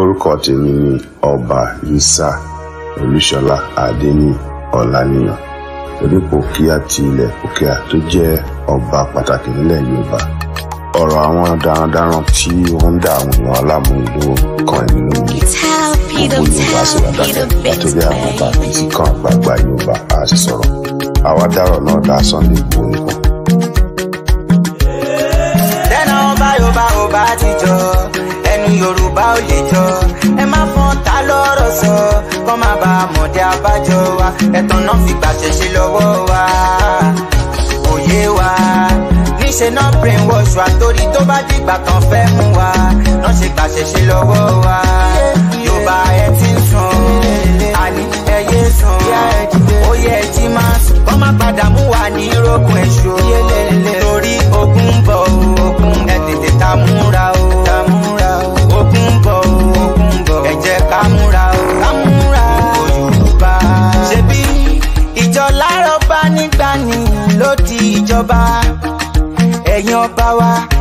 orúkọ tèmi ni ọba yisa olúṣọlá adéní ọláníyàn onípò ti ilẹ̀ òkèà tó jẹ́ ọba pàtàkì nílẹ̀ yorùbá ọ̀rọ̀ àwọn darandaran tí wọ́n ń dá àwọn èèyàn alámúlò kan nínú mi gbogbo yorùbá sì wá dákẹ́ nítorí àwọn ọba àbísí kan àgbààgbà yorùbá á sì sọ̀rọ̀ àwa dárọ̀ náà dá sunday gbòó nìkan. tẹ́nà ọba yorùbá ò bá ti jọ yorùbá ò lè jọ ẹ má fọ́n ta lọ́rọ̀ sọ kọ́ má ba àmọ̀dé abájọ wa ẹ̀tàn náà fi gbàṣẹ ṣe lọ́wọ́ wa òye wa níṣẹ́ náà brain wash wa torí tó bá dìgbà kan fẹ́ mú wa náà ṣe gbàṣẹ ṣe lọ́wọ́ wa yorùbá ẹ ti ń sùn àní ẹ yé sùn ó yẹ ẹ máa sùn kọ́ má padà mú wa ní irógun èṣù torí ogun bọ̀ ẹ tètè ta mú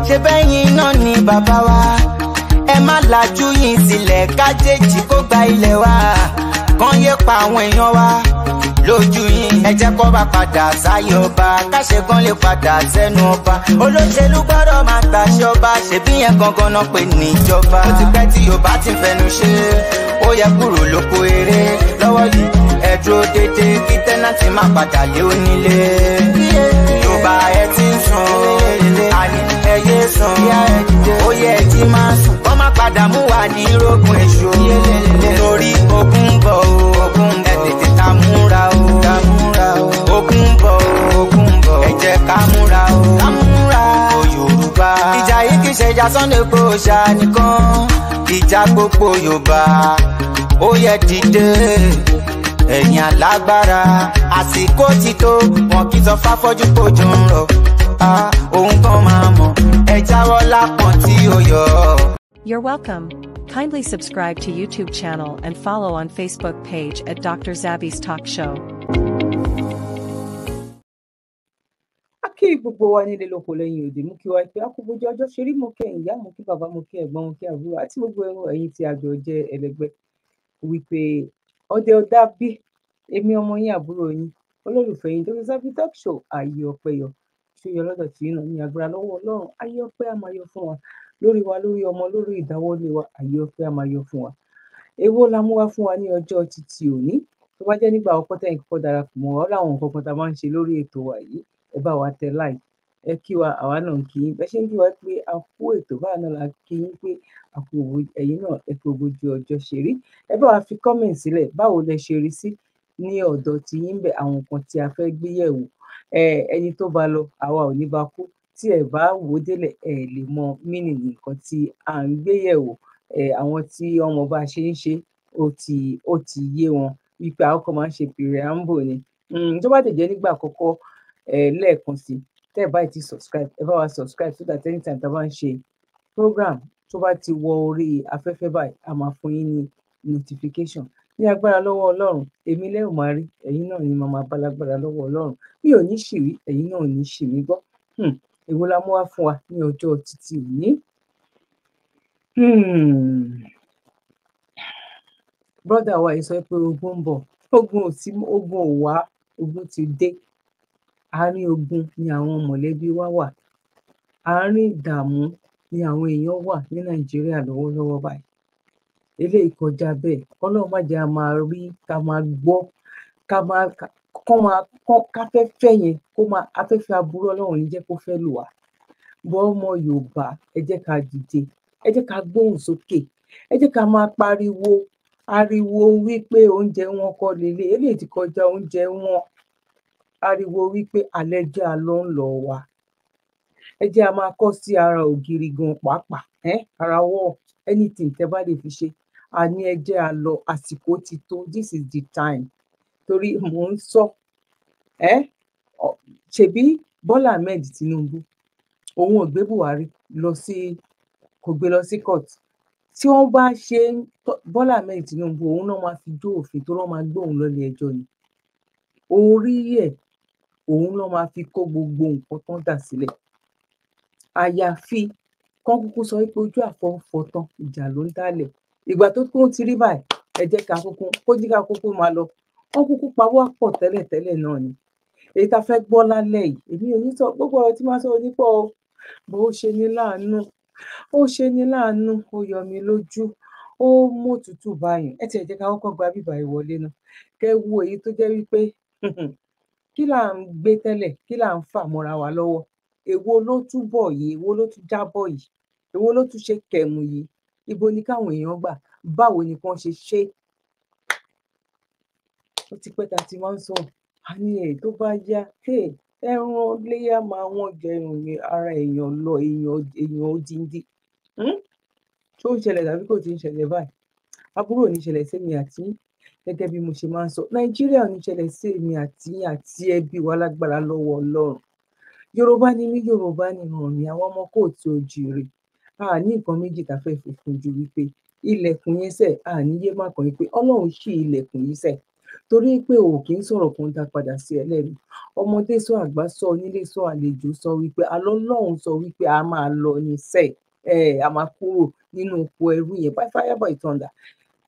ṣe bẹ́yìn náà ni bàbá wa ẹ má lajú yín sílẹ̀ kájèjì kó gba ilẹ̀ wa kàn yé pa àwọn èèyàn wa lójú yín ẹ jẹ́ kó bá padà sáyé ọba káṣẹ́gun lè padà sẹ́nu ọba olóṣèlú gbọ́dọ̀ máa gbàṣẹ ọba ṣèbí yẹn gangan náà pè níjọba ó ti pẹ́ tí yorùbá ti fẹnu ṣe ó yẹ kúrò lóko eré lọ́wọ́ yìí ẹ dúró déédéé kí tẹ́nàtì má padà lé onílé yorùbá ẹ ti ń sùn ẹyẹ sàn yá ẹ dìde ó yẹ kí máa sùn kọ́ má padà mú wa ní rogun èso torí ogun bọ̀ o ogun bọ̀ ẹ tètè ká múra o ká múra bọ̀ o ogun bọ̀ ẹ jẹ́ ká múra o o Yorùbá ìjà yìí kì í ṣe ìjà Sunday Igboho nìkan ìjà gbogbo Yorùbá ó dìde ẹ̀yin alágbára àsìkò ti tó wọn kì í sọ fáfọ́jú kò jù rọ. You're welcome. Kindly subscribe to YouTube channel and follow on Facebook page at Dr. Zabby's Talk Show. a kí gbogbo wa nílé lóko lẹ́yìn òde mú kí wá pé akóbójú ọjọ́ ṣe rí mo kí ìyá mo kí bàbá mo kí ẹ̀gbọ́n mo kí àbúrò àti gbogbo ẹ̀rọ ẹ̀yìn tí àjọ jẹ́ ẹlẹgbẹ́ wípé ọdẹ ọdá bí èmi ọmọ yín àbúrò yín olólùfẹ́ yín Dr. Zabby Talk Show ààyè ọpẹ́yọ àṣeyọ lọ́dọ̀ tí yín náà ní agbára lọ́wọ́ ọlọ́run ayé ọpẹ́ á máa yọ fún wa lórí wa lórí ọmọ lórí ìdáwọ́lé wa ayé ọpẹ́ á máa yọ fún wa èwo la mú wá fún wa ní ọjọ́ títí òní tó bá jẹ́ nígbà ọkọ tẹ̀yìn kọ́kọ́ darapọ̀ mọ́ wa láwọn nǹkan kan tá a máa ń ṣe lórí ètò wa yìí ẹ bá wa tẹ láì ẹ kí wa àwa náà ń kí yín bẹ́ẹ̀ ṣe ń kí wa pé a kú ètò báà náà la kí yín pé a kú náà ẹ kú ogójì ọjọ́ ṣe rí ẹ bá wa fi kọ́mẹ̀ǹt sílẹ̀ báwo lẹ ṣe rí sí ní ọ̀dọ̀ tí yín bẹ̀ àwọn nǹkan tí a fẹ́ gbé yẹ̀wò ẹni tó bá lọ àwa ò ní bá kú tí ẹ bá wò ó délẹ̀ ẹ lè mọ mínì nǹkan tí à ń gbé yẹ̀wò àwọn tí ọmọ bá ṣe ń ṣe ó ti yé wọn wípé àwọn máa ń ṣe preamble ni hmm, tó bá tẹ̀ jẹ́ nígbà àkọ́kọ́ lẹ́ẹ̀kan sí tẹ́ bá ti subscribe ẹ bá wa subscribe so that anytime tá a bá ń ṣe program tó bá ti wọ orí afẹ́fẹ́ báyìí a máa fún yín ní notification ní agbára lọ́wọ́ Ọlọ́run èmi lẹ ò máa rí ẹ̀yin náà ni màmá bá lágbára lọ́wọ́ Ọlọ́run mi ò ní ṣìrí ẹ̀yin náà ò ní ṣì mí gbọ́ hmm, èwo la mú wá fún wa ní ọjọ́ títí òní. Hmm, brọ́dà wa yìí sọ pé ogun ń bọ̀ ogun ò tí ogun ò wá ogun ti dé àárín ogun ni àwọn mọ̀lẹ́bí wa wà àárín ìdààmú ni àwọn èèyàn wà ní Nàìjíríà lọ́wọ́lọ́wọ́ báyìí eléyìí kọjá bẹ́ẹ̀ Ọlọ́run má jẹ a máa rí ká máa gbọ ká máa kọ máa kọ káfẹ́fẹ́ yẹn kó máa afẹ́fẹ́ aburú Ọlọ́run yìí jẹ́ kó fẹ́ lò wá bọ́ ọmọ Yorùbá ẹ jẹ́ ká dìde ẹ ma ká gbóhùn pariwo ariwo wípé oúnjẹ wọn kọ́ eléyìí ti kọjá oúnjẹ wọn ariwo wípé ń lọ wa ẹ a máa ara ògiri gan pàápàá ara anything fi ṣe a ní ẹ jẹ́ a lọ àsìkò ti tó this is the time torí mò ń sọ ẹ ṣebí Bọ́lá Ahmed Tinubu òun ò gbé Buhari lọ sí kò gbé lọ sí court tí wọ́n bá ṣe Bọ́lá Ahmed Tinubu òun náà máa fi jó òfin tó wọ́n máa gbé òun lọlé ẹjọ́ ni orí ẹ̀ òun náà máa fi kó gbogbo nǹkan tán dà sílẹ̀ àyàfi kán kúkú sọ pé ojú àfọwọ́fọ tán ìjà ló ń dálẹ̀ ìgbà tó kún ti rí báyìí ẹ jẹ́ ká kúkú kó jí ká kúkú máa lọ wọ́n kúkú pawọ́ pọ̀ tẹ́lẹ̀tẹ́lẹ̀ náà ni èyí tá a fẹ́ gbọ́ lálẹ́ yìí èmi ò ní sọ gbogbo ọ̀rọ̀ tí máa sọ nípa o bó ṣe ní láàánú ó ṣe ní láàánú ó yọ mí lójú ó mú òtútù báyìí ẹ tiẹ̀ jẹ́ ká kọ́kọ́ gba bíbá ìwọlé náà kẹ́ wo èyí tó jẹ́ wípé kí là ń gbé tẹ́lẹ̀ kí là ń fà mọ́ra wa lọ́wọ́ èwo ló túbọ̀ yìí èwo ló tún jábọ̀ yìí èwo ló tún ṣe kẹ̀mù yìí ibo ni káwọn èèyàn gbà báwo ni kán ṣe ṣe ó ti pẹ́ ta ti máa ń sọ àní ẹ̀ tó bá yá ẹran léyà máa wọ́n jẹun ní ara èèyàn lọ èèyàn odindi tó hmm? ń ṣẹlẹ̀ tàbí kò ti ń ṣẹlẹ̀ báyìí àbúrò ní ṣẹlẹ̀ sẹ́mi àti gẹ́gẹ́ bí mo ṣe máa ń sọ nàìjíríà ní ṣẹlẹ̀ sẹ́mi àti àti ẹbí wa lágbára lọ́wọ́ ọlọ́run yorùbá ni mí yorùbá ni ràn mí àwọn ọmọ kò tí ò jèrè a ní nǹkan méjì tá a fẹ́ fi kún ju wípé ilẹ̀kùn yẹn sẹ̀ a ní yé má kàn yín pé ọlọ́run ṣí ilẹ̀kùn yín sẹ̀ torí pé o kì í sọ̀rọ̀ kan dá padà sí ẹlẹ́rìí ọmọdé sọ àgbà sọ onílé sọ àlejò sọ wípé alọ́lọ́run sọ wípé a máa lọ ní sẹ̀ ẹ̀ a máa kúrò nínú oko ẹrú yẹn by fire by thunder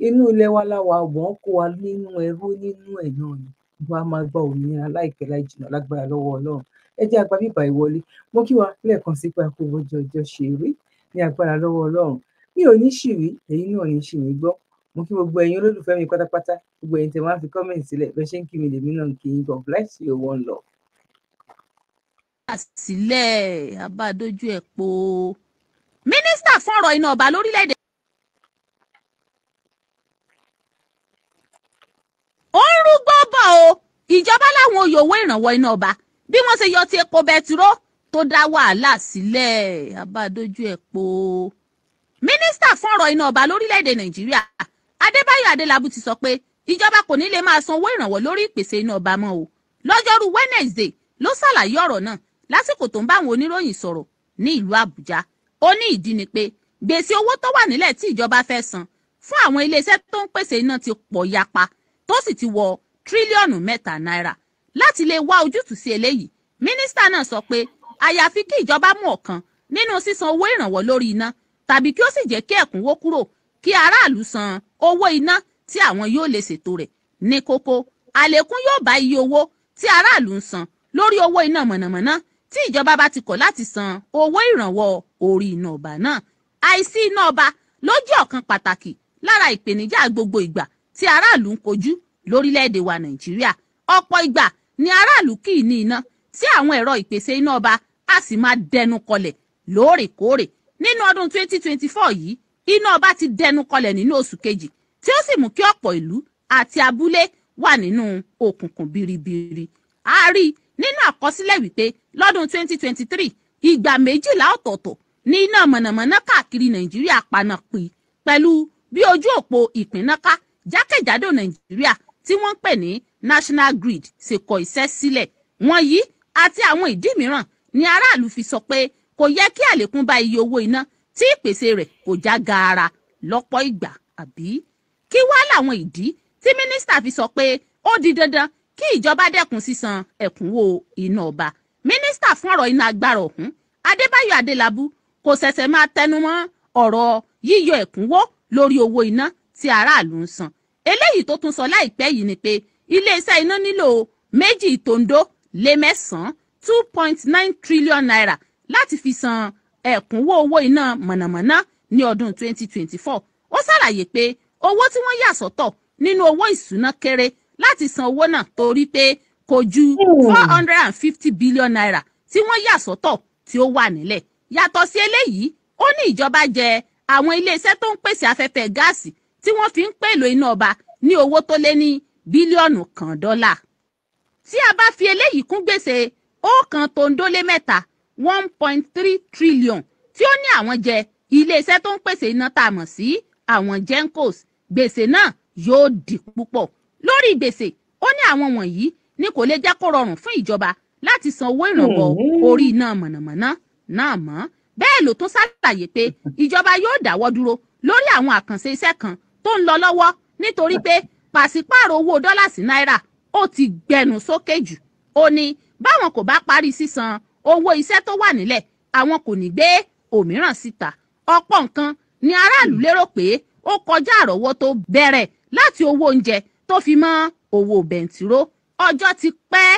inú ilẹ̀ wa láwa wọ́n kó wa nínú ẹrú nínú ẹ̀ náà ni wọ́n á máa gba òmìnira láìpẹ́ láì jìnnà lágbára lọ́wọ́ ọlọ́run ẹ jẹ́ àgbà bíbá ìwọlé mo kí wa lẹ́ẹ̀kan sí pé a kó wọ́jọ́ ọjọ́ ṣe rí ní agbára lọ́wọ́ ọlọ́run mi ò ní ṣìrí ẹ̀yin náà ní ṣìrí gbọ́ mo kí gbogbo ẹ̀yin olólùfẹ́ mi pátápátá gbogbo ẹ̀yin tẹ́ wá fi kọ́mẹ̀ntì sílẹ̀ bẹ́ẹ̀ ṣe ń kí mi lèmi náà ń kí yín God bless you one love. àsìlẹ̀ abádójú ẹ̀ po mínísítà fọ̀rọ̀ iná ọba lórílẹ̀‐èdè. ó ń rúgbọ́ bọ̀ o ìjọba láwọn òyòwò ìrànwọ́ iná ọba bí wọ́n ṣe yọ ti epo bẹtiró tó dá wàhálà sílẹ̀ abádójú ẹ̀ po. mínísítà fún ọ̀rọ̀ iná ọba lórílẹ̀‐èdè nàìjíríà adébáyọ̀ adélábù ti sọ pé ìjọba kò ní lè máa san owó ìrànwọ́ lórí ìpèsè iná ọba mọ́ o lọ́jọ́rú wednesday ló ṣàlàyé ọ̀rọ̀ náà lásìkò tó ń bá àwọn oníròyìn sọ̀rọ̀ ní ìlú àbújá ó ní ìdí ni pé gbèsè owó tó wà nílẹ̀ tí ìjọba fẹ́ san fún àwọn iléeṣẹ́ tó ń pèsè iná ti pọ̀ yapa tó sì ti wọ tírílíọ̀nù mẹ́ta náírà láti lè wá ojútùú sí eléyìí mínísítà náà sọ pé àyàfi kí ìjọba mú ọ̀kan nínú sísan owó ìrànwọ́ lórí iná tàbí kí ó sì jẹ́ kí ẹ̀kúnwó kúrò kí aráàlú san owó iná tí àwọn yóò lè ṣètò rẹ̀ ní kókó àlékún yóò bá iye owó tí aráàlú ń san lórí owó iná mọ̀nàmọ́ná tí ìjọba bá ti kọ̀ láti san owó ìrànwọ́ orí iná ọba náà àìsí iná ọba ló jẹ́ ọ̀kan pàtàkì lára ìpèníjà gbogbo ìgbà tí aráàlú ń kojú lórílẹ̀‐èdè wa nàìjíríà ọ̀pọ̀ ìgbà ni aráàlú kì í ní iná tí àwọn ẹ̀rọ ìpèsè iná ọba a sì máa dẹnu kọlẹ̀ lóòrèkóòrè nínú ọdún 2024 yìí iná ọba ti dẹnu kọlẹ̀ nínú oṣù kejì tí ó sì mú kí ọ̀pọ̀ ìlú àti abúlé wà nínú òkùnkùn biribiri a rí nínú àkọsílẹ̀ wípé lọ́dún 2023 ìgbà méjìlá ọ̀tọ̀ọ̀tọ̀ ní iná mọ̀nàmọ́ná káàkiri nàìjíríà paná pin pẹ̀lú bí ojú òpó ìpínnáká jákèjádò nàìjíríà tí wọ́n ń pè ní national grid ṣe kọ iṣẹ́ sílẹ̀ wọ̀nyí àti àwọn ìdí mìíràn ni aráàlú fi sọ pé kò yẹ kí àlékún bá iye owó iná tí ìpèsè rẹ̀ kò já gaara lọ́pọ̀ ìgbà àbí kí wá làwọn ìdí tí mínísítà fi sọ pé ó di dandan kí ìjọba dẹ́kun sísan ẹ̀kúnwó iná ọba mínísítà fún ọ̀rọ̀ iná agbára ọ̀hún adébáyọ̀ adélábù kò ṣẹ̀ṣẹ̀ máa tẹnumọ́ ọ̀rọ̀ yíyọ ẹ̀kúnwó lórí owó iná tí aráàlú ń san eléyìí tó tún sọ láìpẹ́ yìí ni pé iléeṣẹ́ iná nílò méjì tòǹdó lé mẹ́sàn-án two point nine trillion naira láti fi san ẹ̀kúnwó owó iná mọ̀nàmọ́ná ní ọdún twenty twenty four ó ṣàlàyé pé owó tí wọ́n yà sọ́tọ̀ nínú owó ìṣúná kéré láti san owó náà torí pé kò ju four hundred and fifty billion naira tí wọ́n yà sọ́tọ̀ tí ó wà nílẹ̀ yàtọ̀ sí eléyìí ó ní ìjọba jẹ àwọn iléeṣẹ́ tó ń pèsè afẹ́fẹ́ gáàsì tí wọ́n fi ń pèlò iná ọba ní owó tó lé ní bílíọ̀nù kan dọ́là tí a bá fi eléyìí kún gbèsè ọ̀kan tòǹdó lé mẹ́ta one point three trillion tí ó ní àwọn jẹ iléeṣẹ́ tó ń pèsè iná tá a mọ̀ sí àwọn gencos gbèsè náà yóò di púpọ̀ lórí gbèsè ó ní àwọn wọ̀nyí ni kò lè jẹ́ kó rọrùn fún ìjọba láti san owó ìrànwọ́ hmm. orí iná mọ̀nàmọ́ná náà mọ́ bẹ́ẹ̀ ló tún ṣàlàyé pé ìjọba yóò dáwọ́ dúró lórí àwọn àkànṣe iṣẹ́ kan tó ń lọ lọ́wọ́ nítorí pé pàṣípààrọ̀ owó dọ́là sí náírà ó ti gbẹnu sókè jù ó ní báwọn kò bá parí sísan owó iṣẹ́ tó wà nílẹ̀ àwọn kò ní gbé òmíràn síta ọ̀pọ̀ nǹkan ni aráàlú hmm. lérò pé ó kọjá àrọ́wọ́ tó bẹ̀rẹ̀ láti owó oúnjẹ tó fi mọ́ owó bẹntiró ọjọ́ ti pẹ́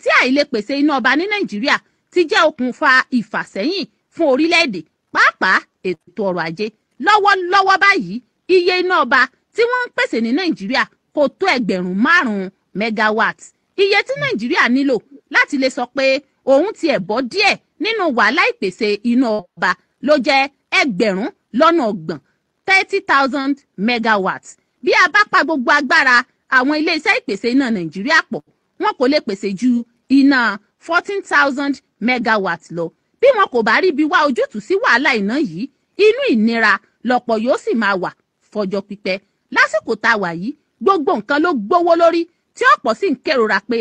tí àìlèpèsè iná ọba ní nàìjíríà ti jẹ́ okùnfà ìfàsẹ́yìn fún orílẹ̀-èdè pàápàá ètò ọrọ̀ ajé lọ́wọ́lọ́wọ́ báyìí iye iná ọba tí wọ́n ń pèsè ní nàìjíríà kò tó ẹgbẹ̀rún márùn-ún megawatt iye tí nàìjíríà nílò láti lè sọ pé òun tiẹ̀ bọ́ díẹ̀ nínú wàhálà ìpèsè iná ọba ló jẹ́ ẹgbẹ̀rún lọ́nà ọgbọ̀n thirty thousand megawatts bí a bá pa gbogbo agbára àwọn iléeṣẹ́ ìpèsè iná nàìjíríà pọ̀ wọn kò lè pèsè ju iná fourteen thousand megawatts lọ bí wọn kò bá ríbi wá ojútùú sí wàhálà iná yìí inú ìnira lọ́pọ̀ yóò sì máa wà fọjọ́ pípẹ́ lásìkò tá a wà yìí gbogbo nǹkan ló gbówó lórí tí ọ̀pọ̀ sì ń kérora pé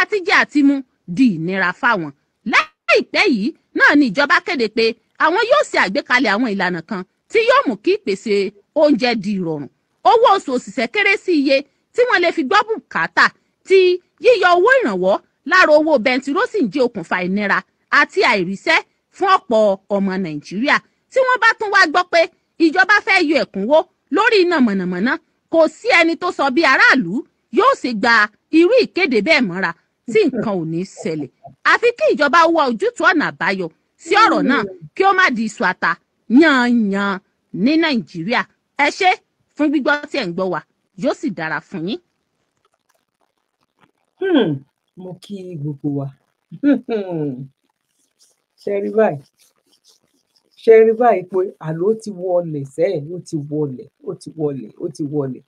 àtijẹ àtimu di ìnira fáwọn. láìpẹ́ yìí náà ni ìjọba kéde pé àwọn yóò ṣe àgbékalẹ̀ àwọn ìlànà kan tí yóò mú kí ìpèsè oúnjẹ di ìrọ̀rùn. owó oṣù òṣìṣẹ́ kéré sí iye tí wọ́n lè fi gbọ́ bùkátà ti yíyọ owó ìrànwọ́ lára owó bẹntiró sì ń jẹ́ okùnfà ìnira àti àìríṣẹ́ fún ọ̀pọ̀ ọmọ nàìjíríà tí wọ́n bá tún wá gbọ́ pé ìjọba fẹ́ yọ ẹ̀kúnwó lórí iná mọ̀nàmọ́ná kò sí ẹni tó sọ bí aráàlú yóò sì gba irú ìkéde bẹ́ẹ̀ mọ́ra tí nǹkan ò ní ṣẹlẹ̀ àfi kí ìjọba wá ojútùú ọ̀nà àbáyọ sí ọ̀rọ̀ náà kí ó má di iṣu ata yànyàn ní nàìjíríà ẹ ṣé fún gbígbọ́ tí ẹ̀ ń gbọ́ wa yóò sì dára fún yín. Hmm, mo kí gbogbo wa hmm, ṣe rí báyìí ṣe rí báyìí pé àló ti wọlé sẹ́yìn ó ti wọlé ó ti wọlé ó ti wọlé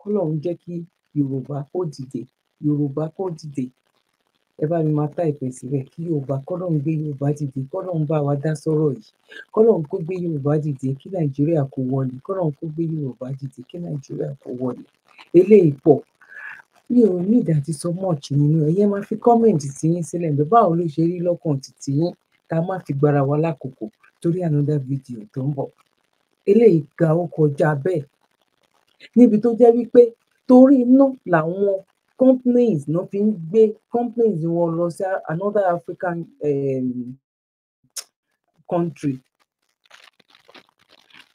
kọ́lọ́run jẹ́ kí yorùbá kó dìde yorùbá kó dìde ẹ bá mi máa táìpẹ́ sílẹ̀ kí Yorùbá kọ́lọ́run gbé Yorùbá dìde kọ́lọ́run bá wa dá sọ́rọ̀ yìí kọ́lọ́run kó gbé Yorùbá dìde kí Nàìjíríà kó wọlé kọ́lọ́run kó gbé Yorùbá dìde kí Nàìjíríà kó wọlé eléyìí pọ̀ mi ò ní ìdá ti sọ much nínú ẹ yẹn máa fi kọ́mẹ̀ǹtì tiyín sílẹ̀ ǹbẹ̀ báwo ló ṣe rí lọ́kàn títí yín tá a má fi gbára wa lákòókò torí another video tó ń bọ̀ eléyìí ga ó kọjá bẹ́ẹ̀ níbi tó jẹ́ wípé torí iná làwọn companies ló fi ń gbé companies wọn lọ sí another African um, country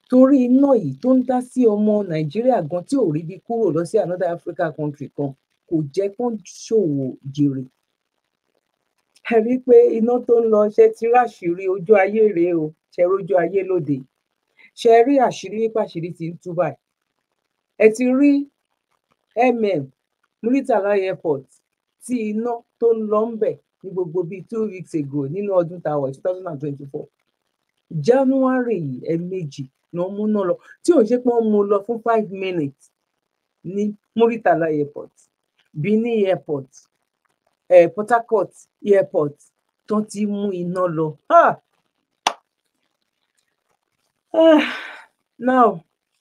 torí iná yìí tó ń dá sí ọmọ nàìjíríà gan tí ò rí bí kúrò lọ sí another Africa country kan kò jẹ́ kán ṣòwò jèrè ẹ rí i pé iná tó ń lọ ṣe ti ráṣìírí ojú ayé rèé o ṣe rójú ayé lóde ṣe rí àṣírí pàṣírí ti ń tú ẹ ti rí mm muritàlá airport tí iná tó ń lọ ń ní gbogbo bíi two weeks ago nínú ọdún tá two thousand and twenty-four january yìí ẹ̀ẹ̀mejì ni wọ́n mú náà lọ tí òun ṣe pé wọ́n mú lọ fún five minutes ní muritàlá airport benin airport eh, port harcourt airport tó ti mú iná lọ. Ah! Ah! Now,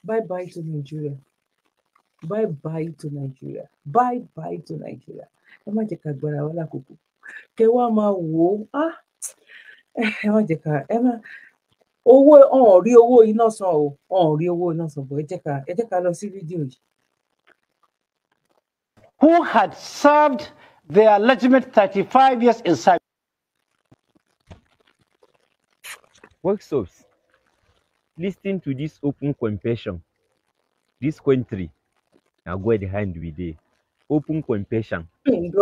bye bye to Nigeria. bye bye to Nigeria bye bye to Nigeria i má jẹ ká gbára wa lákòókò kẹ wá wò ó ẹ má jẹ ká ẹ má owó ọ̀hún rí owó iná san o ọ̀hún rí owó iná san bọ̀ ẹ lọ sí fídíò Who had served their legitimate thirty-five years in Cyprus? Workshops, listening to this open confession, this country now go hand with the Open compassion. In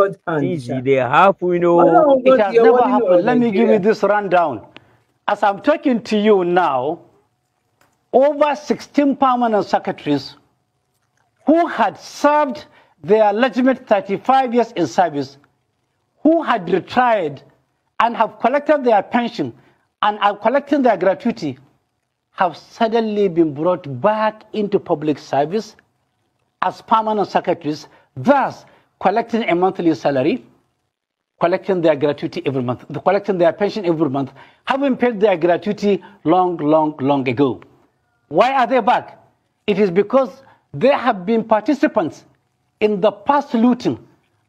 Easy, they have, you know. Oh, it has never happened. Let me give you this rundown. As I'm talking to you now, over 16 permanent secretaries who had served their legitimate 35 years in service, who had retired and have collected their pension and are collecting their gratuity, have suddenly been brought back into public service as permanent secretaries, thus collecting a monthly salary, collecting their gratuity every month, collecting their pension every month, having paid their gratuity long, long, long ago. Why are they back? It is because they have been participants in the past looting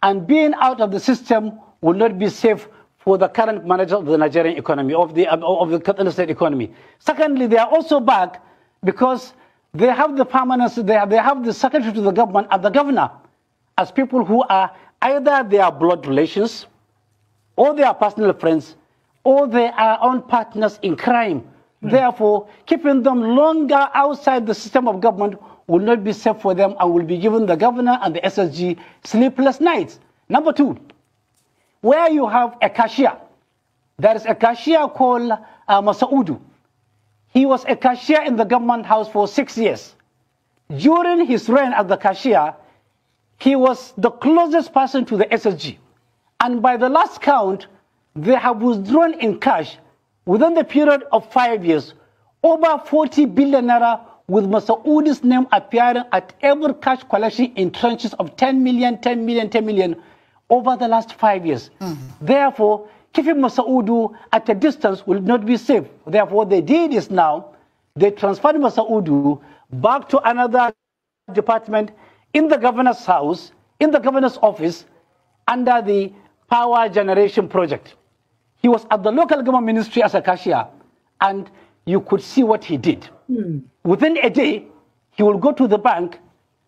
and being out of the system will not be safe for the current manager of the Nigerian economy, of the, of the state economy. Secondly, they are also back because they have the permanence, they have, they have the secretary to the government and the governor as people who are either they are blood relations or they are personal friends or they are uh, own partners in crime. Mm. Therefore, keeping them longer outside the system of government will not be safe for them and will be given the governor and the SSG sleepless nights. Number two, where you have a cashier, there is a cashier called uh, Masaudu. He was a cashier in the government house for six years. During his reign as the cashier, he was the closest person to the SSG. And by the last count, they have withdrawn in cash within the period of five years over 40 billion naira with Masaudi's name appearing at every cash collection in tranches of 10 million, 10 million, 10 million over the last five years. Mm -hmm. Therefore, keeping Masaudu at a distance will not be safe. Therefore, what they did is now they transferred Masaudu back to another department in the governor's house, in the governor's office, under the power generation project. He was at the local government ministry as a cashier, and you could see what he did. Mm. Within a day, he will go to the bank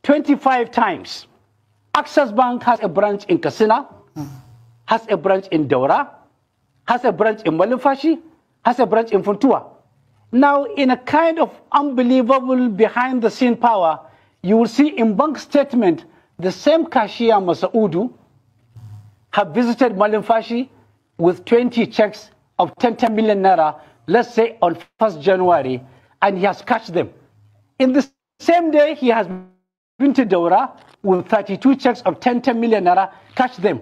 25 times. Access Bank has a branch in Kasina, mm. has a branch in Dora, has a branch in Malumfashi, has a branch in Funtua. Now, in a kind of unbelievable behind the scene power, you will see in bank statement the same cashier Masaudu have visited Malumfashi with 20 checks of 10, 10 million naira, let's say on 1st January, and he has cashed them. In the same day, he has been to Dora with 32 checks of 10, 10 million naira, cashed them.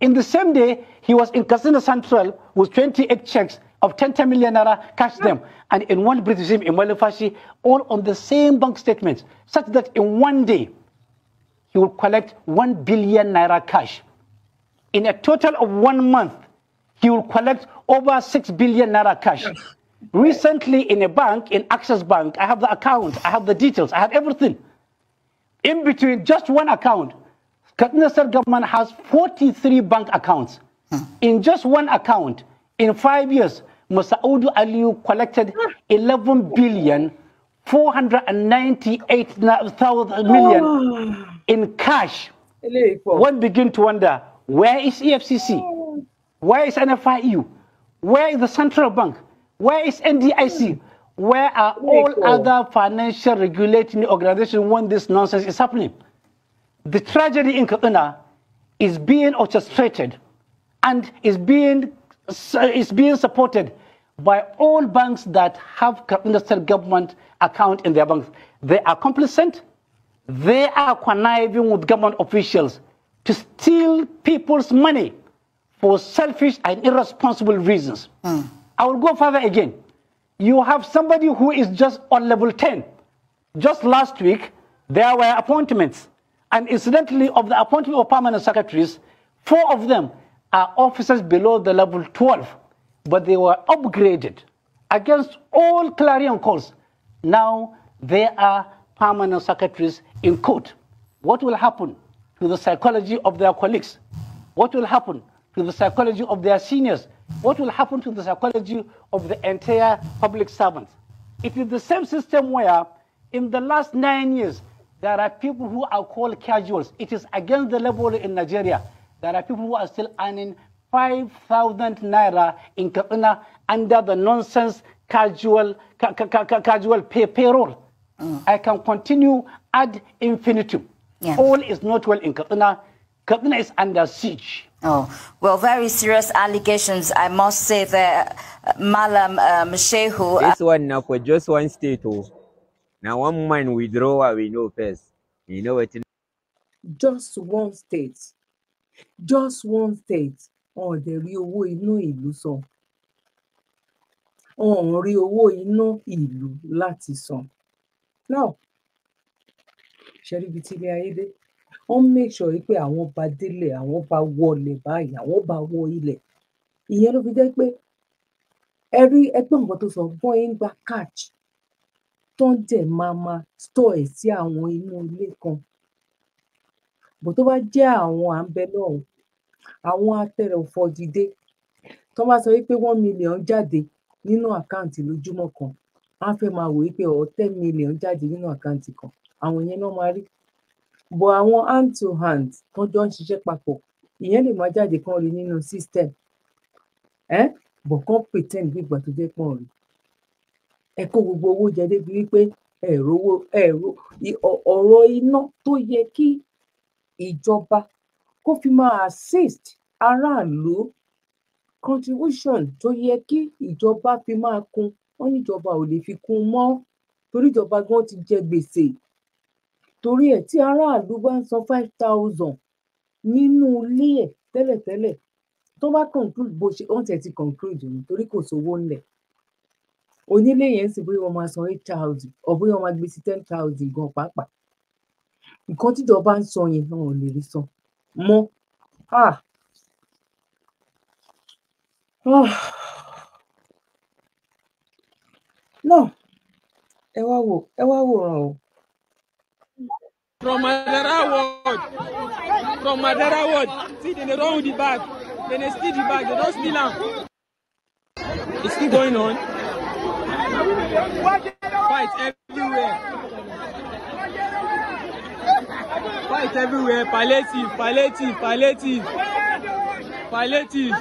In the same day, he was in Katsina Central with 28 checks of 10 million naira, cashed them. And in one British with him in Malifashi, all on the same bank statements, such that in one day, he will collect 1 billion naira cash. In a total of one month, he will collect over 6 billion naira cash. Recently, in a bank, in Access Bank, I have the account, I have the details, I have everything. In between just one account, State government has 43 bank accounts. Hmm. In just one account, in five years, Masaudu Aliyu collected ah. 11 billion 498 million oh. in cash. One begin to wonder, where is EFCC? Ah. Where is NFIU? Where is the central bank? Where is NDIC? Hmm. Where are all other financial regulating organizations when this nonsense is happening? the tragedy in Kaduna is being orchestrated and is being, is being supported by all banks that have Kaduna state government account in their banks. They are complicit. They are conniving with government officials to steal people's money for selfish and irresponsible reasons. Mm. I will go further again. You have somebody who is just on level 10. Just last week, there were appointments and incidentally, of the appointment of permanent secretaries, four of them are officers below the level 12, but they were upgraded against all clarion calls. Now they are permanent secretaries in court. What will happen to the psychology of their colleagues? What will happen to the psychology of their seniors? What will happen to the psychology of the entire public servants? It is the same system where, in the last nine years, there are people who are called casuals. It is against the labor in Nigeria. There are people who are still earning 5,000 naira in Kaduna under the nonsense casual, ca ca ca casual pay payroll. Mm. I can continue ad infinitum. Yeah. All is not well in Kaduna. Kaduna is under siege. Oh, well, very serious allegations, I must say, there, Malam um, uh, Shehu. This one now for just one state. Oh. Now, one man withdrawal we know first you know wetin. just one state just one state ọ̀dẹ̀ rí owó inú ìlú san ọ̀hún rí real inú ìlú láti san now ṣẹ́ríbi tí ilé ayé dé wọ́n make sure pé àwọn bá délẹ̀ àwọn bá wọlé báyìí àwọn bá wọ ilẹ̀ ìyẹn ló fi jẹ́ pé ẹ rí ẹgbẹ́ nǹkan tó sọ bọ́n ẹ ń gba catch tó ń dẹ̀ máa máa store ẹ̀ sí àwọn inú ilé kan. But tó bá jẹ́ àwọn à ń bẹ lọ́hùn-ún, àwọn atẹrọ̀fọ̀ dìde tán bá sọ wí pé one million jáde nínú àkáǹtì lójúmọ́ kan, á fẹ́ máa wò wí pé or ten million jáde nínú àkáǹtì kan, àwọn ìyẹn ná máa rí. But àwọn hand to hand tán jọ ń ṣiṣẹ́ papọ̀, ìyẹn lè má jáde kán rí nínú system um but kán pretend bí ìgbà tó jẹ́ pọ́n ò rí ẹ kó gbogbo owó jẹ débi wípé ẹ̀rọ owó ẹ̀rọ ọ̀rọ̀ iná tó yẹ kí ìjọba kó fi máa assist aráàlú contribution tó yẹ kí ìjọba fi máa kún wọn níjọba ò lè fi kún mọ́ torí ìjọba gan ti jẹ gbèsè torí ẹ̀ tí aráàlú bá ń san five thousand nínú ilé ẹ̀ tẹ́lẹ̀tẹ́lẹ̀ tó bá conclude bó ṣe wọ́n ti ẹ̀ ti conclude ni torí kò sówó ńlẹ̀ onílé yẹn sì bóyá wọn máa san eight thousand or bóyá wọn máa gbé sí ten thousand gan pàápàá nǹkan tíjọba ń san yẹn wọn lè rí san mọ́ ah oh ah. no ẹ wá wò ẹ wá wòran o. From Madara ward, from Madara ward, see dem dey run with the bag, dem dey steal the bag, dem don steal am. E still going on. Fight everywhere. Fight everywhere. Palliative, palliative, palliative. Palliative.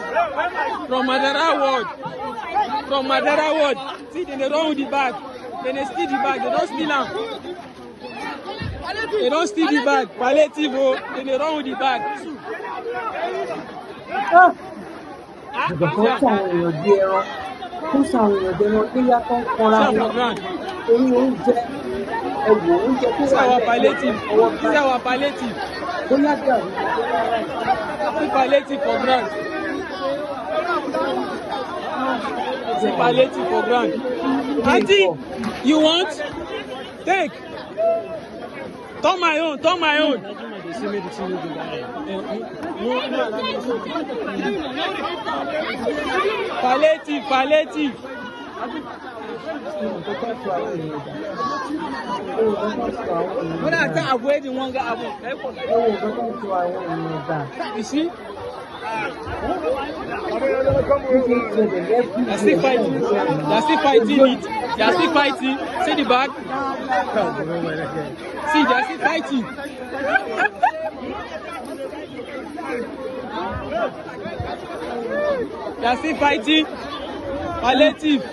From Madara Ward. From Madara Ward. See, then they run with the bag. Then they steal the bag. They don't steal them. They don't steal the bag. Palliative, oh. Then they run with the bag. Ah. Ah. Ah. Ah. Ah. Ah kó sàwọn èèyàn jẹun níyà tó ń wọn orí oúnjẹ ẹwọ oúnjẹ tó wà lẹ́yìn ọwọ́ báyìí bóyá dàrú. Fún palliative for grant. Fún palliative for grant. Aunty, you want? Take. Turn my own, turn my own. Palliative, palliative. Muna ta avoiding wanga abu. You see? They're still fighting. They're still fighting it. They are still fighting. See the back. See, they are still fighting. They are still fighting. Palliative.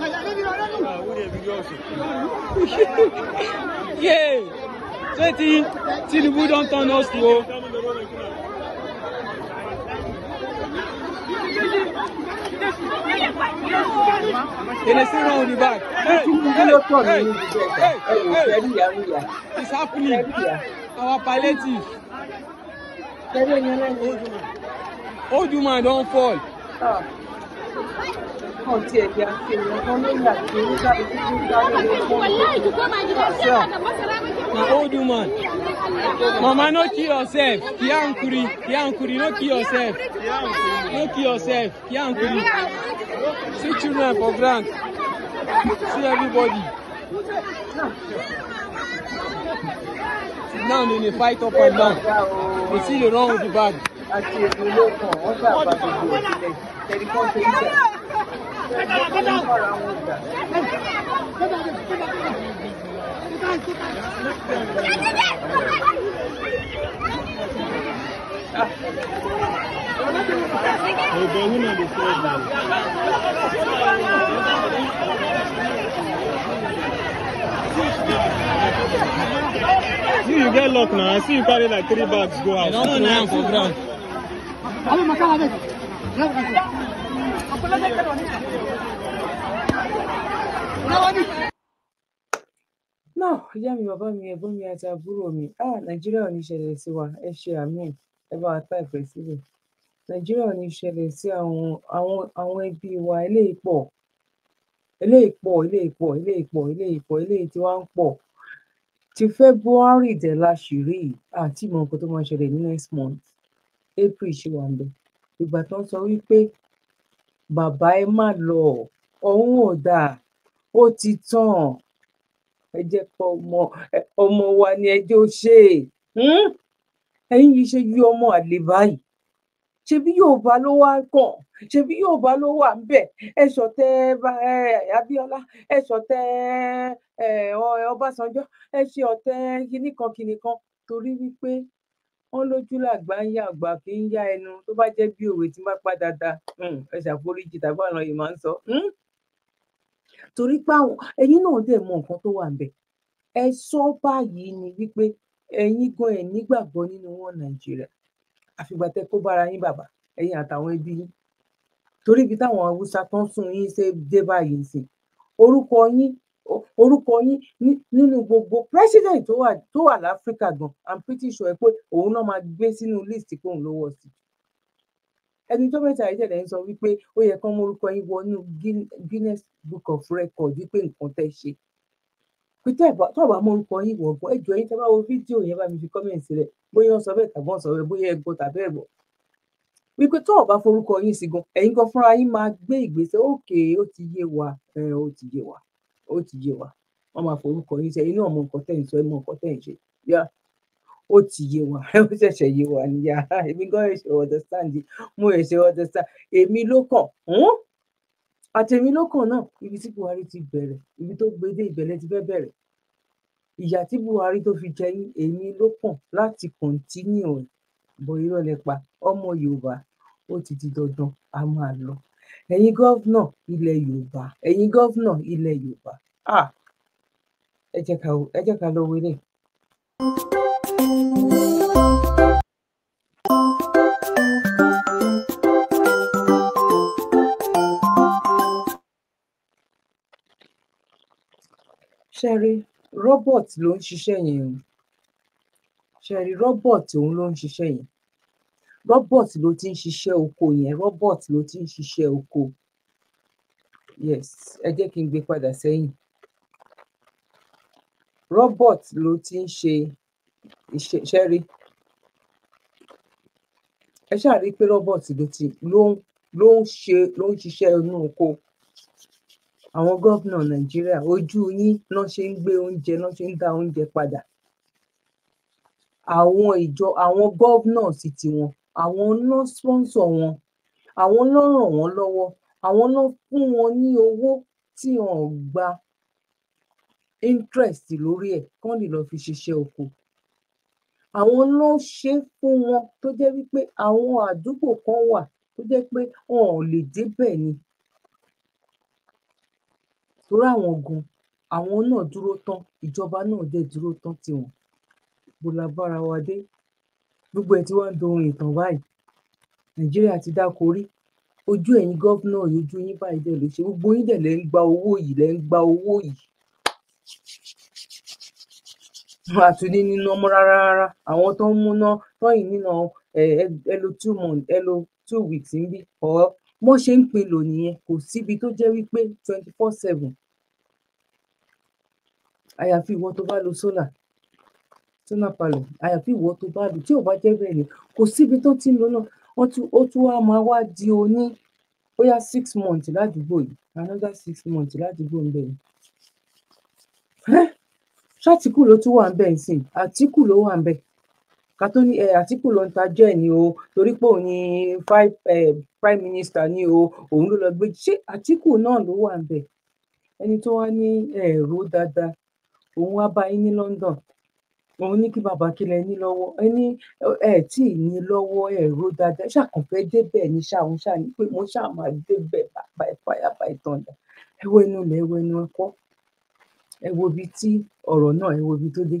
yeah. the Tinubu don't turn us to. Oh. Ele still run with the bag. Hey, hey, hey, hey, hey. It's happening. Our palliative. Old woman don't fall. Kan tiẹ̀ di àfihàn kan lórí àti oníkàbí tó ń dá lórí ọkọ̀. Na old woman. Mama, no kill yourself. Kiankuri, Kiankuri, no kill yourself. No kill yourself. Kiankuri. See children for grant. See everybody. Now they need fight up and down. They see the wrong with the bad. Thank you. See you get luck now. I see you carry like three bags go out. No, no, náà ìyá mi bàbá mi ẹ̀gbọ́n mi àti àbúrò mi ah nàìjíríà ò ní ṣẹlẹ̀ sí wa ẹ ṣe àmín ẹ bá wa tá ìpè síbẹ̀ nàìjíríà ò ní ṣẹlẹ̀ sí àwọn àwọn àwọn ẹbí wa eléyìí pọ̀ eléyìí pọ̀ eléyìí pọ̀ eléyìí pọ̀ eléyìí pọ̀ eléyìí tí wàá ń pọ̀ ti february dẹ̀ la ṣì rí àti ìmọ̀ nǹkan tó máa ṣẹlẹ̀ ní next month april ṣì wà ń bẹ ìgbà tó ń sọ wípé bàbá ẹ má lọ ọ̀hún ò dáa ó ti tàn ẹ jẹ́ kó ọmọ ọmọ wa ni ẹjọ́ ṣe hmm? ẹ̀yin yìí ṣe yí ọmọ àlè báyìí ṣebí yorùbá ló wá kàn ṣebí yorùbá ló wà ń bẹ ẹ sọtẹ abíọ́lá ẹ sọtẹ ọbásanjọ́ ẹ ṣe ọ̀tẹ̀ kinní kan kinní kan torí wípé wọn lójú làgbà ń yá àgbà kì í yá ẹnu tó bá jẹ́ bí òwe tí n bá padà da hmm, ẹ ṣàforíjì tàbí àwọn yìí máa ń sọ. Hmm? torí pé àwọn ẹ̀yin náà dẹ̀ mọ nǹkan tó wà ń bẹ ẹ sọ báyìí ni wípé ẹ̀yin gan ẹ nígbàgbọ́ nínú wọn nàìjíríà àfìgbà tẹ kó bára yín bàbá ẹ̀yin àtàwọn ẹbí yín torí ibi táwọn haúsá tán sùn yín ṣe dé báyìí sí orúkọ yín orúkọ yín nínú gbogbo president tó wà tó wà láfíríkà gan i'm pretty sure pé òun náà máa gbé sínú list kóun ló sí i ẹni tó mẹ́ta yìí tẹ̀lé ń sọ wípé ó yẹ kán mórúkọ yín wọnú Guinness Book of Record wípé nǹkan tẹ́ ṣe pété tó àbá mórúkọ yín wọ̀gbọ́n ẹjọ́ yín tẹ́ bá wo fídíò yẹn bá mi fi kọ́mẹ̀ntì rẹ̀ bóyá wọ́n sọ bẹ́ẹ̀ tàbí wọ́n sọ bẹ́ẹ̀ bóyá ẹgbọ́ tàbí ẹ̀gbọ́ wípé tó ọba yín sí gan ẹ̀yin kan fúnra yín máa gbé ìgbésẹ̀ òkè ó ti yé wa ó ti yé wa ó ti yé wa wọ́n máa forúkọ yín sẹ́yìn náà mọ nǹkan tẹ̀ sọ ẹ mọ nǹkan tẹ̀ ń yá ó ti yé wa ó ṣẹ̀ṣẹ̀ yé wa níyà èmi gan ẹ̀ṣẹ̀ understand mo ẹ̀ṣẹ̀ understand èmi ló kàn àtẹ̀mí ló kàn náà ibi tí Buhari ti bẹ̀rẹ̀ ibi tó gbé dé ìbẹ̀lẹ̀ ti fẹ́ bẹ̀rẹ̀ ìyà tí Buhari tó fi jẹ yín èmi ló kàn láti kọ̀ntínìù ẹ̀ bọ̀ irọ́ nípa ọmọ Yorùbá ó ti di dandan a máa lọ ẹ̀yin gọ́vnà ilẹ̀ Yorùbá ẹ̀yin gọ́vnà ilẹ̀ Yorùbá ah! ẹ jẹ́ ká lọ wọlé. thank you ṣẹ́rí robot ló ń ṣiṣẹ́ yẹn o ṣẹ́rí robot òun ló ń ṣiṣẹ́ yẹn robot ló ti ń ṣiṣẹ́ oko yẹn robot ló ti ń ṣiṣẹ́ oko yes ẹ jẹ́ kí n gbé padà sẹ́yìn robot ló ti ń ṣe iṣẹ́ rí ẹ ṣáà rí i pé robert ló ti ló ń ló ń ṣe ló ń ṣiṣẹ́ inú oko àwọn gómìnà nàìjíríà ojú yín náà ṣe ń gbé oúnjẹ náà ṣe ń dá oúnjẹ padà àwọn ìjọ àwọn gómìnà sì tiwọn àwọn náà sponsor wọn àwọn náà ràn wọ́n lọ́wọ́ àwọn náà fún wọn ní owó tí wọn gba interest lórí ẹ̀ kán lè lọ fi ṣiṣẹ́ oko àwọn ló ń ṣe é fún wọn tó jẹ́ wípé àwọn àdúgbò kan wà tó jẹ́ pé wọn ò lè débẹ̀ ni torí àwọn gan àwọn náà dúró tán ìjọba náà dẹ̀ dúró tán tiwọn bó la bára wa dé gbogbo ẹ̀ tí wọ́n ń dohun ìtàn báyìí nàìjíríà ti dáko rí ojú ẹ̀yin gọ́fúnà yìí ojú yín báyìí dẹ̀ ló ṣe gbogbo yín dẹ̀ lẹ́ ń gba owó yìí lẹ́ ń gba owó yìí àtúndí níná mọ́ rárá rárá àwọn tó ń múná tọ́yìn níná ẹlo two month ẹlo two weeks ń bí ọ̀ wọ́n ṣe ń pín lò nìyẹn kò síbi tó jẹ́ wípé twenty four seven àyàfi ìwọ tó bá lo solar solar panel àyàfi ìwọ tó bá lò tí ò bá jẹ́ bẹ́ẹ̀ ni kò síbi tó ti ń lò náà wọ́n tún ó tún wá máa wá di oní bóyá six months ládùúgbò yìí another six months ládùúgbò ń bẹ̀ yìí ṣàtìkù ló tún wà ń bẹ nsìn àtìkù ló wà ń bẹ ká tó ní àtìkù ló ń ta jẹ́ ni o torí pé òun ni prime minister ni o òun ló lọ gbé ṣé àtìkù náà ló wà ń bẹ ẹni tó wá ní ẹ̀rọ dáadáa òun wá bá yín ní London òun ní kí bàbá kílẹ̀ ní lọ́wọ́ ẹ ní ẹ tí ì ní lọ́wọ́ ẹ̀rọ dáadáa ṣàkànfẹ́ débẹ̀ ní ṣàwọn ṣàní pé mo ṣàmà débẹ̀ by fire by thunder ẹwẹ́nu lẹ́wẹ́nu ẹ̀kọ́ ẹ wo ibi tí ọ̀rọ̀ náà ẹ wo ibi tó dé. ṣé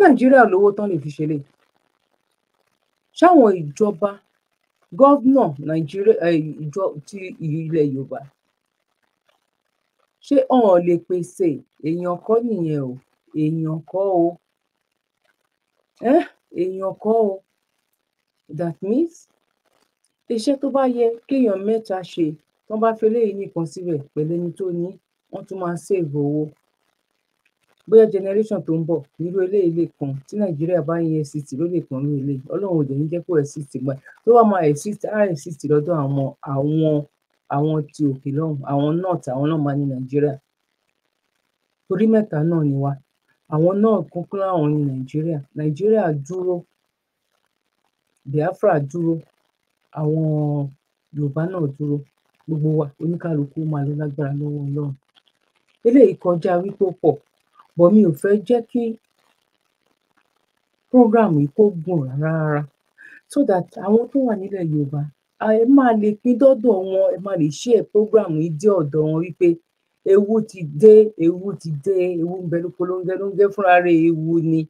nàìjíríà lówó tán lè fi ṣe lè ṣáwọn ìjọba gọ́vnà nàìjíríà ìjọ ti ilẹ̀ yorùbá ṣé ọ̀n lè pèsè èèyàn kọ́ nìyẹn o èèyàn kọ́ o èèyàn kọ́ o that means iṣẹ́ tó bá yẹ kéèyàn mẹ́ta ṣe tó bá fi eléyìí nìkan síbẹ̀ pẹ̀lú ẹni tó ní wọ́n tún máa save owó bóyá generation tó ń bọ̀ nírú eléyìí lè kan tí nàìjíríà bá ń yẹ ct ló lè kan ní ilé ọlọ́run ò dẹ̀ ní jẹ́ kó ẹ̀ ct gbà tó bá máa ẹ̀ ct á lọ́dọ̀ àwọn àwọn àwọn ti òkè lọ́hùn àwọn north àwọn náà máa ní nàìjíríà torí mẹ́ta náà ni wá àwọn náà kúnkún láwọn ní nàìjíríà nàìjíríà dúró biafra dúró àwọn yorùbá náà dúró gbogbo wa oníkálukú máa lọ lágbára lọ́wọ́ ọlọ́run eléyìí kọjá wípé ó pọ̀ bọ̀ mi ò fẹ́ jẹ́ kí program yìí kó gùn rárá so that àwọn tó wà nílẹ̀ yorùbá ẹ máa lè pín dọ́dọ̀ wọn ẹ máa lè ṣe ẹ̀ program yìí dé ọ̀dọ̀ wọn wípé ewu ti dé ewu ti dé ewu ń bẹ ló polongo ló ń gé fúnra rẹ̀ ewu ni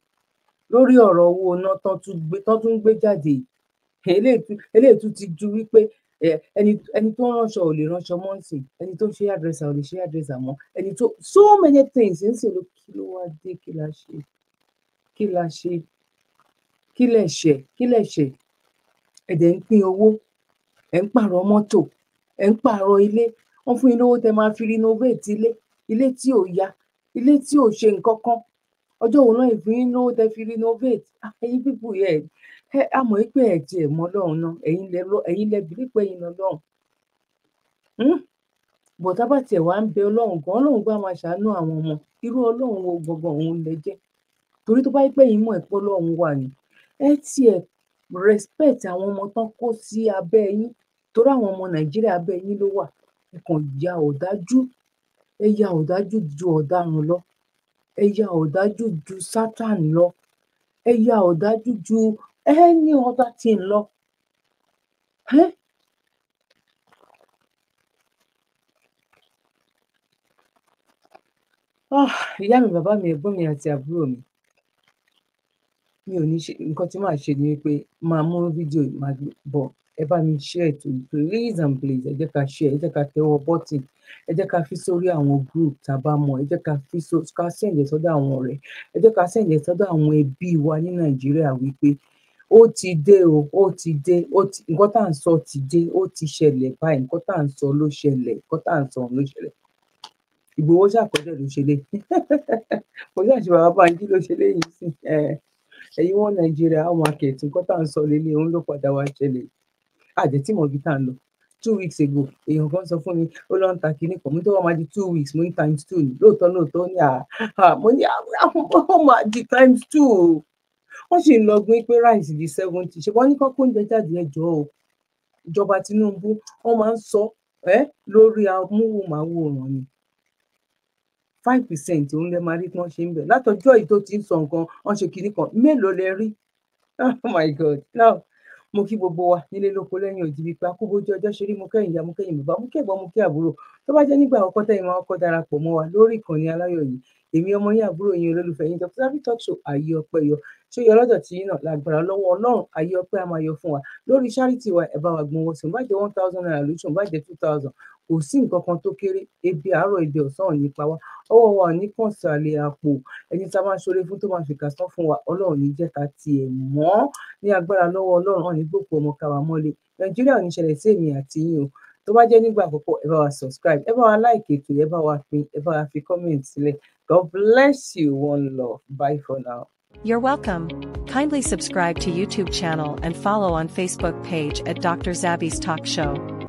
lórí ọ̀rọ̀ owó iná tán tún gbé tán tún gbé jáde eléyìí tún ti ju wípé ẹni ẹni tó ń ránṣọ ò lè ránṣọ mọ́ nsìn ẹni tó ń ṣe àdírẹ́sà ò lè ṣe àdírẹ́sà mọ́ ẹni tó so many things ń sìn ló kí ló wá dé kí la ṣe kí la ṣe kí lẹ̀ ṣẹ̀ kí lẹ̀ ṣẹ̀ ẹ̀dẹ̀ ń pín owó ẹ ń pààrọ̀ mọ́tò ẹ ń pààrọ̀ ilé wọ́n fún yín lówó tẹ máa fi renovate ilé ilé tí ò ya ilé tí ò ṣe nǹkan kan ọjọ́ wo náà ìfún yín lówó tẹ fi renovate ẹ̀yin pípù yẹ ẹ àmọ́ pé ẹ tiẹ̀ mọ̀ Ọlọ́run náà ẹ̀yin lẹ ẹ̀yin lẹ bìlí pé ẹ̀yin Ọlọ́run hmm? bọ̀tá bá tiẹ̀ wá ń bẹ Ọlọ́run gan Ọlọ́run gbá máa ṣàánú àwọn ọmọ irú Ọlọ́run wo gbọ̀ngàn òun lẹ jẹ́ torí tó bá pẹ́ yín mọ̀ ẹ̀pọ̀ Ọlọ́run wà ní ẹ tiẹ̀ respect àwọn ọmọ tán kó sí abẹ́ yín torí àwọn ọmọ nàìjíríà abẹ́ yín ló wà ẹ kàn ya ọ̀dájú ẹ ya ọ̀dájú ju ọ̀daràn lọ ẹ ya ọ̀dájú ju sátán lọ ẹ ya ọ̀dájú ju any other thing lọ. Eh? ìyá mi bàbá mi ẹ̀gbọ́n mi àti àbúrò mi mi ò ní ṣe nǹkan tí màá ṣe ni pé màá mú fídíò màá bọ̀ ẹ bá mi ṣe ètò please and please ẹ jẹ́ ká ṣe ẹ jẹ́ ká tẹwọ́ bọ́tìn ẹ jẹ́ ká fi sórí àwọn group tá a bá mọ̀ ẹ jẹ́ ká fi so ká sẹ̀ǹjẹ̀ sọ́dọ̀ àwọn ọ̀rẹ́ ẹ jẹ́ ká sẹ̀ǹjẹ̀ sọ́dọ̀ àwọn ẹbí wa ní nàìjíríà wípé ó ti dé o ó ti dé ó ti nǹkan tá à ń sọ ti dé ó ti ṣẹlẹ̀ báyìí nǹkan tá à ń sọ ló ṣẹlẹ̀ nǹkan tá à ń sọ ló ṣẹlẹ̀ Ìgbòho ṣàkọọ́dẹ̀ ló ṣe mo ṣàṣìwà bàbá yín ló ṣe yìí sí ẹ̀yin wọn nàìjíríà àwọn akẹ́tù nǹkan tá à ń sọ lélẹ̀ òun ló padà wá ṣẹlẹ̀ àdètí mọ̀ bí tá à ń lọ two weeks ago èèyàn kan sọ fún mi ó lọ ń ta kinní kan mo tó wọ́n máa di two weeks mo ní times two ni lóòótọ́ lóòótọ́ ní à ah, ah, mo ní àwọn ọmọ àti times two o wọ́n sì ń lọgun pé rice di seventy ṣe wọ́n ní kọ́kọ́ oúnjẹ jáde ẹjọ́ o ìjọba Tinubu wọ́n máa ń sọ lórí amóhùnmáwòrán ni five percent òun lè máa rí tí wọ́n ṣe ń bẹ̀ látọjọ́ yìí tó ti ń sọ nǹkan wọ́n ṣe kinní kan mélòó lè rí oh my god now mo kí gbogbo wa nílé lóko lẹ́yìn òdì bíi pa kó bójú ọjọ́ ṣe rí mo kẹ́yìn ìyá mo kẹ́yìn bàbá mo kẹ́gbọ́n mo kẹ́ àbúrò tó bá jẹ́ nígbà àkọ́kọ́ tẹ́yìn máa kọ́ darapọ̀ mọ́ wa lórí ìkànnì aláyọ̀ yìí èmi ọmọ yín àbúrò yín olólùfẹ́ yín Dr. Zabby Talk Show ayé ọpẹ́ yọ ṣé yọ lọ́dọ̀ tí yín náà lágbára lọ́wọ́ Ọlọ́run ayé ọpẹ́ a máa yọ fún wa lórí charity wa ẹ bá wa gbọ́n owó sí i one thousand naira lóṣù bá two thousand kò sí nǹkan kan tó kéré ebi àárọ̀ ebi ọ̀sán ò ní pa wá ọwọ́ wa ò ní kàn sí àlè àpò ẹni tá a máa ń ṣoore fún tó máa fìkà sán fún wa ọlọ́run ní jẹ́ ká tiẹ̀ mọ́ ní agbára lọ́wọ́ ọlọ́run ọ̀ ní gbòkó ọmọ ká wa mọ́lé nàìjíríà ò ní ṣẹlẹ̀ sí èmi àti yín o tó ale apo eni ta a maa soore jẹ́ nígbà olorun o ni gboko omo ka mole ẹ bá wa subscribe ẹ bá wa like ètò ẹ bá wa pin ẹ bá wa fi comment sílẹ̀ God bless you one love bye for now. You're welcome. Kindly subscribe to YouTube channel and follow on Facebook page at Dr. Zabby's Talk Show.